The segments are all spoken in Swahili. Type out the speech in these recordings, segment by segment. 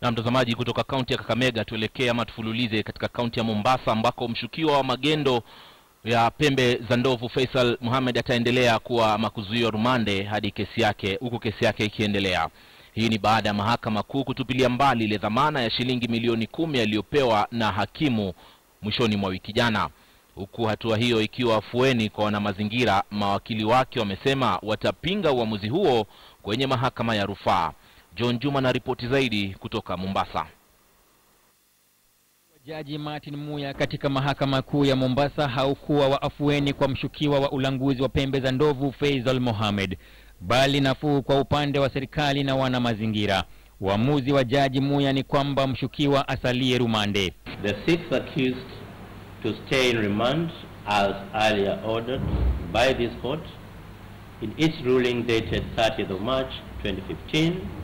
Na mtazamaji, kutoka kaunti ya Kakamega tuelekee ama tufululize katika kaunti ya Mombasa ambako mshukiwa wa magendo ya pembe za ndovu Faisal Muhammad ataendelea kuwa ama rumande hadi kesi yake huku kesi yake ikiendelea. Hii ni baada ya mahakama kuu kutupilia mbali ile dhamana ya shilingi milioni kumi aliyopewa na hakimu mwishoni mwa wiki jana, huku hatua hiyo ikiwa afueni kwa wanamazingira. Mawakili wake wamesema watapinga uamuzi huo kwenye mahakama ya rufaa. John Juma na ripoti zaidi kutoka Mombasa. Jaji Martin Muya katika mahakama kuu ya Mombasa haukuwa wa afueni kwa mshukiwa wa ulanguzi wa pembe za ndovu Faisal Mohamed, bali nafuu kwa upande wa serikali na wana mazingira. Uamuzi wa jaji Muya ni kwamba mshukiwa asalie rumande. The six accused to stay in remand as earlier ordered by this court in its ruling dated 30th of March 2015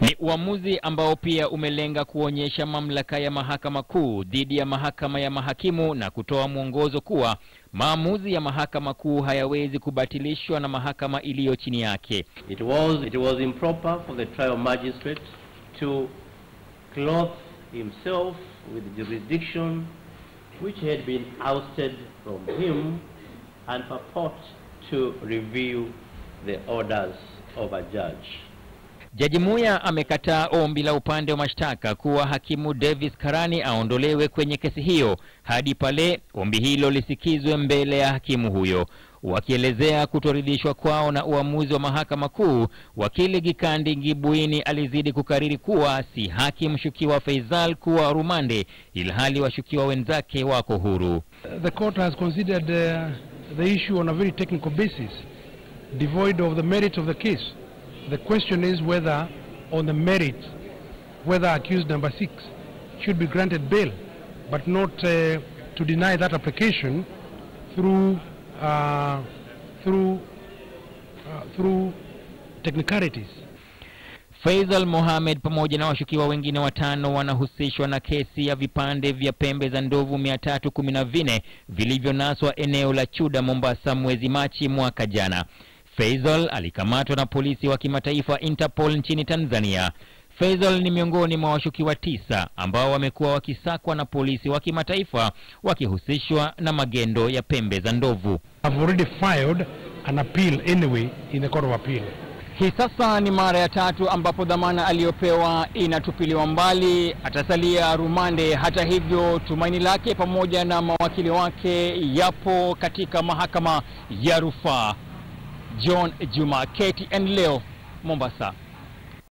ni uamuzi ambao pia umelenga kuonyesha mamlaka ya mahakama kuu dhidi ya mahakama ya mahakimu na kutoa mwongozo kuwa maamuzi ya mahakama kuu hayawezi kubatilishwa na mahakama iliyo chini yake. It was, it was improper for the trial magistrate to himself with jurisdiction which had been ousted from him and purport to review the orders of a judge. Jaji Muya amekataa ombi la upande wa mashtaka kuwa hakimu Davis Karani aondolewe kwenye kesi hiyo hadi pale ombi hilo lisikizwe mbele ya hakimu huyo. Wakielezea kutoridhishwa kwao na uamuzi wa mahakama kuu, wakili Gikandi Gibuini alizidi kukariri kuwa si haki mshukiwa Faisal kuwa rumande, ilhali washukiwa wenzake wako huru. The court has considered the, uh, the issue on a very technical basis devoid of the of the case The question is whether, on the merits, whether accused number six should be granted bail, but not uh, to deny that application through uh, through uh, through technicalities. Faisal Mohamed pamoja na washukiwa wengine watano wanahusishwa na kesi ya vipande vya pembe za ndovu mia tatu kumi na vinne vilivyonaswa eneo la Chuda, Mombasa mwezi Machi mwaka jana. Faisal alikamatwa na polisi wa kimataifa Interpol nchini Tanzania. Faisal ni miongoni mwa washukiwa tisa ambao wamekuwa wakisakwa na polisi wa kimataifa wakihusishwa na magendo ya pembe za ndovu. I've already filed an appeal anyway in the court of appeal. Hii sasa ni mara ya tatu ambapo dhamana aliyopewa inatupiliwa mbali, atasalia rumande. Hata hivyo, tumaini lake pamoja na mawakili wake yapo katika mahakama ya rufaa. John Juma, KTN leo Mombasa.